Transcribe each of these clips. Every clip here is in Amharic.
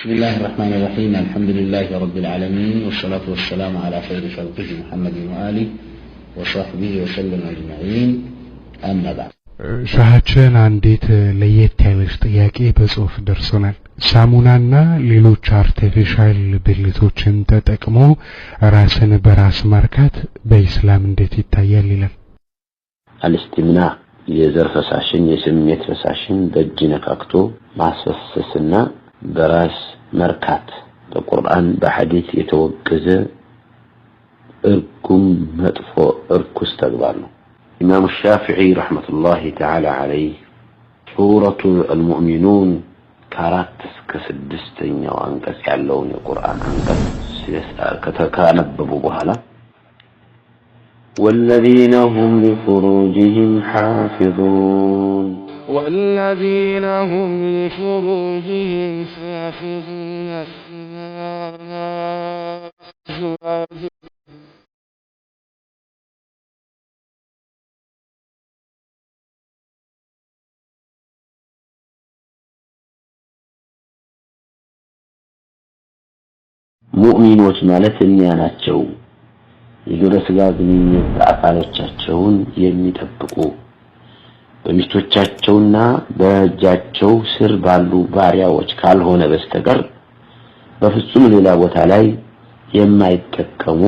بسم الله الرحمن الرحيم الحمد لله رب العالمين والصلاة والسلام على خير خلقه محمد وآله وصحبه وسلم أجمعين أما بعد ሻሃችን አንዲት ለየት ያለች ጥያቄ በጽሁፍ ደርሶናል። ሳሙናና ሌሎች አርቲፊሻል ብልቶችን ተጠቅሞ ራስን በራስ ማርካት በኢስላም እንዴት ይታያል ይላል። አልስቲምና የዘር ፈሳሽን የስሜት ፈሳሽን በእጅ ነካክቶ ማስፈሰስና በራስ መርካት በቁርአን በሐዲት የተወገዘ እርጉም መጥፎ እርኩስ ተግባር ነው። ኢማሙ ሻፊዒ ረሕመቱላሂ ተዓላ ዓለይህ ሱረቱ አልሙእሚኑን ከአራት እስከ ስድስተኛው አንቀጽ ያለውን የቁርአን አንቀጽ ካነበቡ በኋላ ወለዚነ ሁም ሊፉሩጅህም ሓፊዙን والذين هم لفروجهم حافظون ሙእሚኖች ማለት እኒያ ናቸው። የግብረ ስጋ ግንኙነት አካሎቻቸውን የሚጠብቁ በሚስቶቻቸውና በእጃቸው ስር ባሉ ባሪያዎች ካልሆነ በስተቀር በፍጹም ሌላ ቦታ ላይ የማይጠቀሙ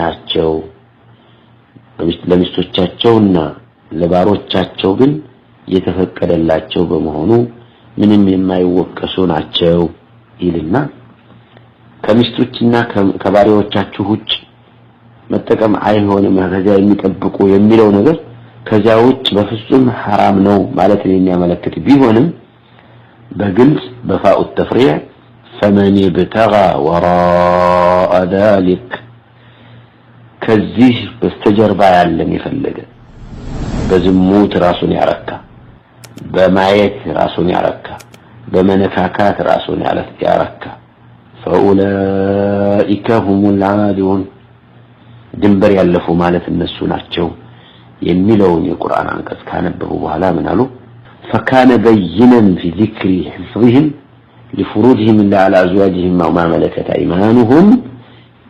ናቸው። ለሚስቶቻቸውና ለባሮቻቸው ግን የተፈቀደላቸው በመሆኑ ምንም የማይወቀሱ ናቸው ይልና ከሚስቶችና ከባሪያዎቻችሁ ውጭ መጠቀም አይሆንም ከዚያ የሚጠብቁ የሚለው ነገር ከዚያ ውጭ በፍጹም ሐራም ነው ማለትን የሚያመለክት ቢሆንም በግልጽ በፋኡ ተፍሪዕ ፈመን ብተጋ ወራአ ዛሊክ ከዚህ በስተጀርባ ያለን የፈለገ በዝሙት ራሱን ያረካ፣ በማየት ራሱን ያረካ፣ በመነካካት ራሱን ያረካ ፈኡላኢከ ሁሙል ዓዲሉን ድንበር ያለፉ ማለት እነሱ ናቸው። የሚለውን የቁርአን አንቀጽ ካነበቡ በኋላ ምን አሉ? ፈካነ በይነን ፊ ዚክሪ ሕፍዝህም ሊፍሩጅህም ላ አላ አዝዋጅህም አው ማ መለከት አይማኑሁም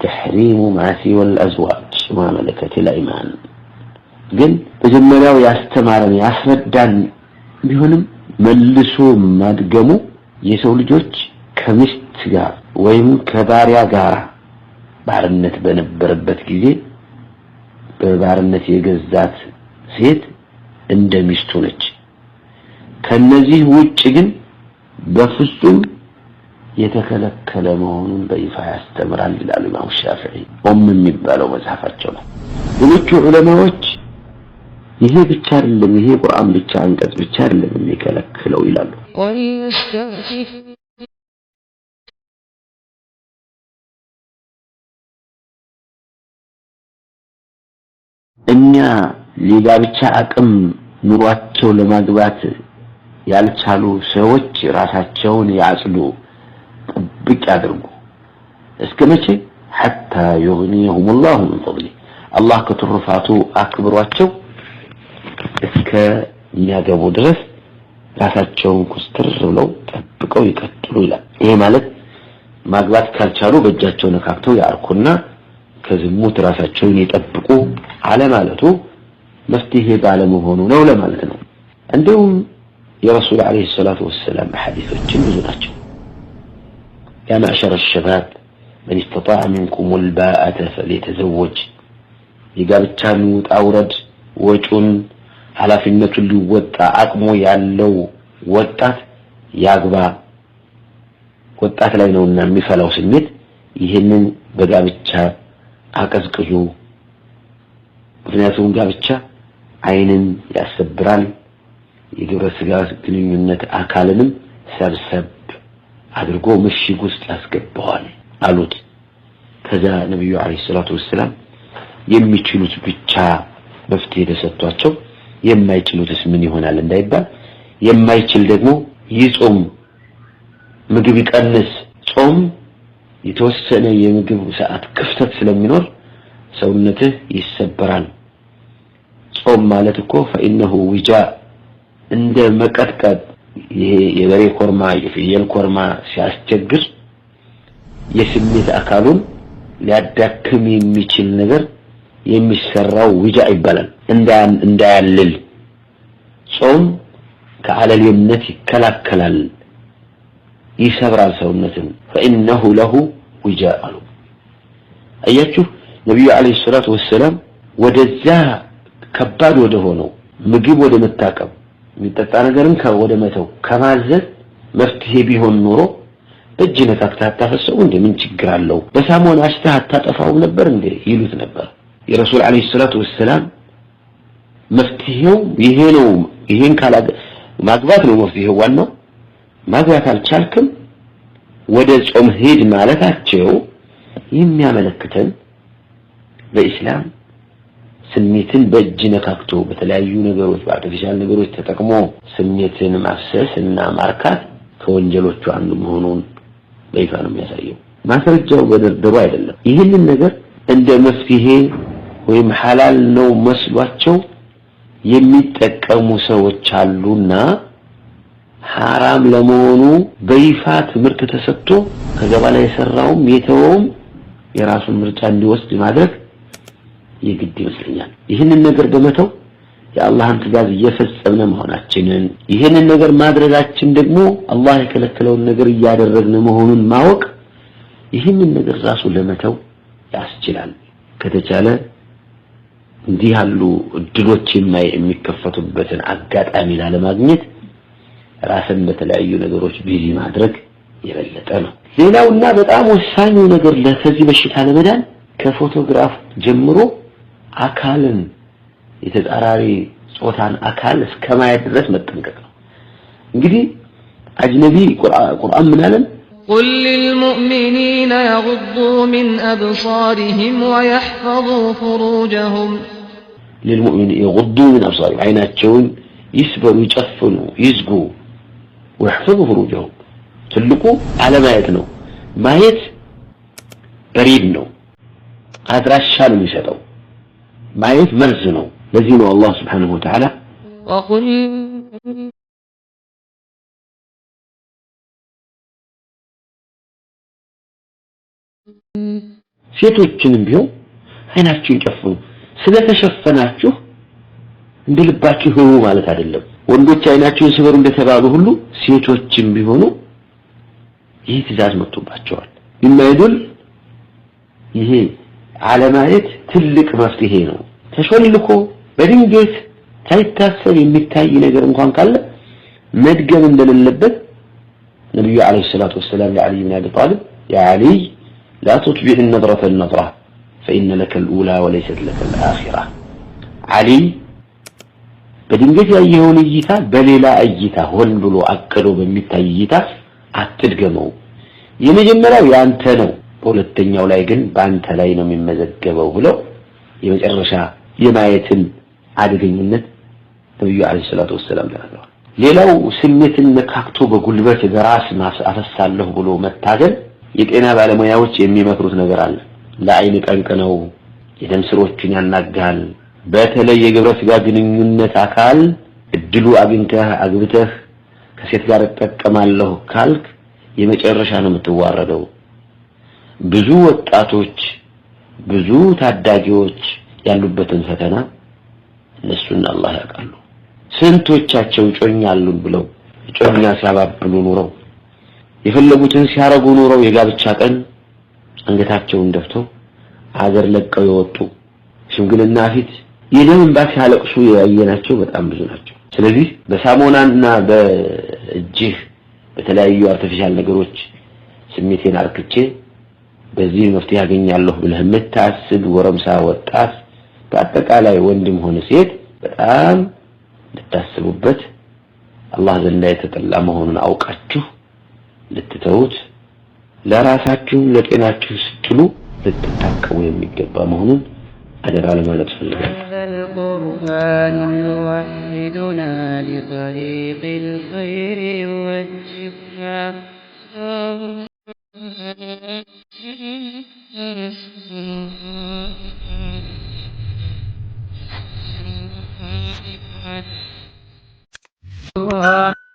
ተሕሪሙ ማሲወ ልአዝዋጅ ማ መለከት ልአይማን። ግን መጀመሪያው ያስተማረን ያስረዳን ቢሆንም መልሶ ማድገሙ የሰው ልጆች ከሚስት ጋር ወይም ከባሪያ ጋር ባርነት በነበረበት ጊዜ በባርነት የገዛት ሴት እንደ ሚስቱ ነች። ከነዚህ ውጭ ግን በፍጹም የተከለከለ መሆኑን በይፋ ያስተምራል ይላል ኢማሙ ሻፊዒ ኦም የሚባለው መጽሐፋቸው ነው። ሌሎቹ ዑለማዎች ይሄ ብቻ አይደለም፣ ይሄ ቁርአን ብቻ አንቀጽ ብቻ አይደለም የሚከለክለው ይላሉ። እኛ የጋብቻ አቅም ኑሯቸው ለማግባት ያልቻሉ ሰዎች ራሳቸውን ያጽሉ፣ ጥብቅ ያድርጉ። እስከ መቼ ሐታ ዩግኒየሁም አላሁ ምን ፈድሊ አላህ ከትሩፋቱ አክብሯቸው እስከሚያገቡ ድረስ ራሳቸውን ኩስትር ብለው ጠብቀው ይቀጥሉ ይላል። ይሄ ማለት ማግባት ካልቻሉ በእጃቸው ነካክተው ያርኩና ከዝሙት ራሳቸውን ይጠብቁ አለማለቱ መፍትሄ ባለመሆኑ ነው ለማለት ነው። እንዲሁም የረሱል ዓለይሂ ሰላቱ ወሰላም ሐዲሶችም ብዙ ናቸው። ያ ማዕሸረ ሸባብ መን ስተጣዐ ሚንኩም ልባአተ ፈሊተዘወጅ የጋብቻን ውጣ ውረድ ወጪውን ኃላፊነቱን ሊወጣ አቅሙ ያለው ወጣት ያግባ። ወጣት ላይ ነውና የሚፈላው ስሜት ይህንን በጋብቻ አቀዝቅዙ። ምክንያቱም ጋብቻ አይንን ያሰብራል። የግብረ ስጋ ግንኙነት አካልንም ሰብሰብ አድርጎ ምሽግ ውስጥ ያስገባዋል አሉት። ከዛ ነብዩ አለይሂ ሰላቱ ወሰላም የሚችሉት ብቻ መፍትሄ ተሰጥቷቸው የማይችሉትስ ምን ይሆናል እንዳይባል የማይችል ደግሞ ይጾም፣ ምግብ ይቀንስ። ጾም የተወሰነ የምግብ ሰዓት ክፍተት ስለሚኖር ሰውነትህ ይሰበራል ጾም ማለት እኮ ፈኢነሁ ዊጃ እንደ መቀጥቀጥ ይሄ የበሬ ኮርማ የፍየል ኮርማ ሲያስቸግር የስሜት አካሉን ሊያዳክም የሚችል ነገር የሚሰራው ዊጃ ይባላል እንዳያልል ጾም ከአለልነት ይከላከላል ይሰብራል ሰውነትን ፈኢነሁ ለሁ ውጃ አያችሁ ነቢዩ አለይሂ ሰላቱ ወሰላም ወደዛ ከባድ ወደ ሆነው ምግብ ወደ መታቀብ የሚጠጣ ነገርን ወደ መተው ከማዘዝ መፍትሄ ቢሆን ኖሮ እጅ ነካክተህ አታፈሰው እንዴ ምን ችግር አለው? በሳሙና አሽተህ አታጠፋውም ነበር እንዴ ይሉት ነበር። የረሱል አለይሂ ሰላቱ ወሰላም መፍትሄው ይሄ ነው። ይሄን ካላገ ማግባት ነው መፍትሄው። ዋናው ማግባት አልቻልክም ወደ ጾም ሂድ ማለታቸው የሚያመለክተን በኢስላም ስሜትን በእጅ ነካክቶ በተለያዩ ነገሮች በአርቲፊሻል ነገሮች ተጠቅሞ ስሜትን ማፍሰስ እና ማርካት ከወንጀሎቹ አንዱ መሆኑን በይፋ ነው የሚያሳየው። ማስረጃው በደርደሩ አይደለም። ይህንን ነገር እንደ መፍትሄ ወይም ሐላል ነው መስሏቸው የሚጠቀሙ ሰዎች አሉና ሐራም ለመሆኑ በይፋ ትምህርት ተሰጥቶ ከገባ ላይ የሰራውም የተወውም የራሱን ምርጫ እንዲወስድ ማድረግ የግድ ይመስለኛል። ይህንን ነገር በመተው የአላህን ትእዛዝ እየፈጸምን መሆናችንን ይህንን ነገር ማድረጋችን ደግሞ አላህ የከለከለውን ነገር እያደረግን መሆኑን ማወቅ ይህንን ነገር ራሱ ለመተው ያስችላል። ከተቻለ እንዲህ ያሉ እድሎች የሚከፈቱበትን አጋጣሚ ላለማግኘት ራስን ለተለያዩ ነገሮች ቢዚ ማድረግ የበለጠ ነው። ሌላውና በጣም ወሳኙ ነገር ለከዚህ በሽታ ለመዳን ከፎቶግራፍ ጀምሮ አካልን የተጻራሪ ጾታን አካል እስከ ማየት ድረስ መጠንቀቅ ነው። እንግዲህ አጅነቢ ቁርአን ምን አለን? قل للمؤمنين يغضوا من أبصارهم ويحفظوا فروجهم للمؤمنين يغضوا من أبصارهم عيناتهم يسبروا يጨፍኑ ይዝጉ ወይሕፍዙ ፍሩጀሁ ትልቁ አለማየት ነው። ማየት በሪድ ነው፣ አድራሻ ነው የሚሰጠው። ማየት መርዝ ነው። ለዚህ ነው አላህ ስብሓነሁ ወተዓላ ሴቶችንም ቢሆን አይናችሁን ጨፍኑ ስለተሸፈናችሁ እንደ ልባችሁ ህቡ ማለት አይደለም። ወንዶች አይናቸውን ሲበሩ እንደተባሉ ሁሉ ሴቶችም ቢሆኑ ይህ ትእዛዝ መጥቶባቸዋል። ቢማይዱል ይሄ አለማየት ትልቅ መፍትሄ ነው። ተሾልኮ በድንገት ሳይታሰብ የሚታይ ነገር እንኳን ካለ መድገም እንደሌለበት ነብዩ አለይሂ ሰላቱ ወሰለም ለዓሊ ብን አቢ ጣሊብ ያ ዓሊይ ላ ቱትቢዕ ነድረተ ነድራ ፈኢነ ለከ ልኡላ ወለይሰት ለከ ልአኺራ ዓሊይ በድንገት ያየኸውን እይታ በሌላ እይታ ሆን ብሎ አቅዶ በሚታይ እይታ አትድገመው። የመጀመሪያው ያንተ ነው፣ በሁለተኛው ላይ ግን በአንተ ላይ ነው የሚመዘገበው ብለው የመጨረሻ የማየትን አደገኝነት ነብዩ አለይሂ ሰላቱ ወሰለም ተናግረዋል። ሌላው ስሜትን ነካክቶ በጉልበት በራስ አፈሳለሁ ብሎ መታገል የጤና ባለሙያዎች የሚመክሩት ነገር አለ። ለአይን ጠንቅ ነው። የደም ስሮችን ያናጋል። በተለይ የግብረ ስጋ ግንኙነት አካል እድሉ አግኝተህ አግብተህ ከሴት ጋር እጠቀማለሁ ካልክ የመጨረሻ ነው የምትዋረደው። ብዙ ወጣቶች ብዙ ታዳጊዎች ያሉበትን ፈተና እነሱን አላህ ያውቃሉ። ስንቶቻቸው እጮኛ አሉን ብለው እጮኛ ሲያባብሉ ኑረው የፈለጉትን ሲያረጉ ኑረው የጋብቻ ቀን አንገታቸውን ደፍተው አገር ለቀው የወጡ ሽምግልና ፊት የደም እንባ ሲያለቅሱ ያየናቸው በጣም ብዙ ናቸው። ስለዚህ በሳሙናና በእጅህ በተለያዩ አርቲፊሻል ነገሮች ስሜቴን አርክቼ በዚህ መፍትሄ ያገኛለሁ ብለህ የምታስብ ጎረምሳ ወጣት፣ በአጠቃላይ ወንድም ሆነ ሴት በጣም ልታስቡበት፣ አላህ ዘንዳ የተጠላ መሆኑን አውቃችሁ ልትተውት፣ ለራሳችሁ ለጤናችሁ ስትሉ ልትታቀሙ የሚገባ መሆኑን ما هذا القرآن يوحدنا لطريق الخير يوجهنا Oh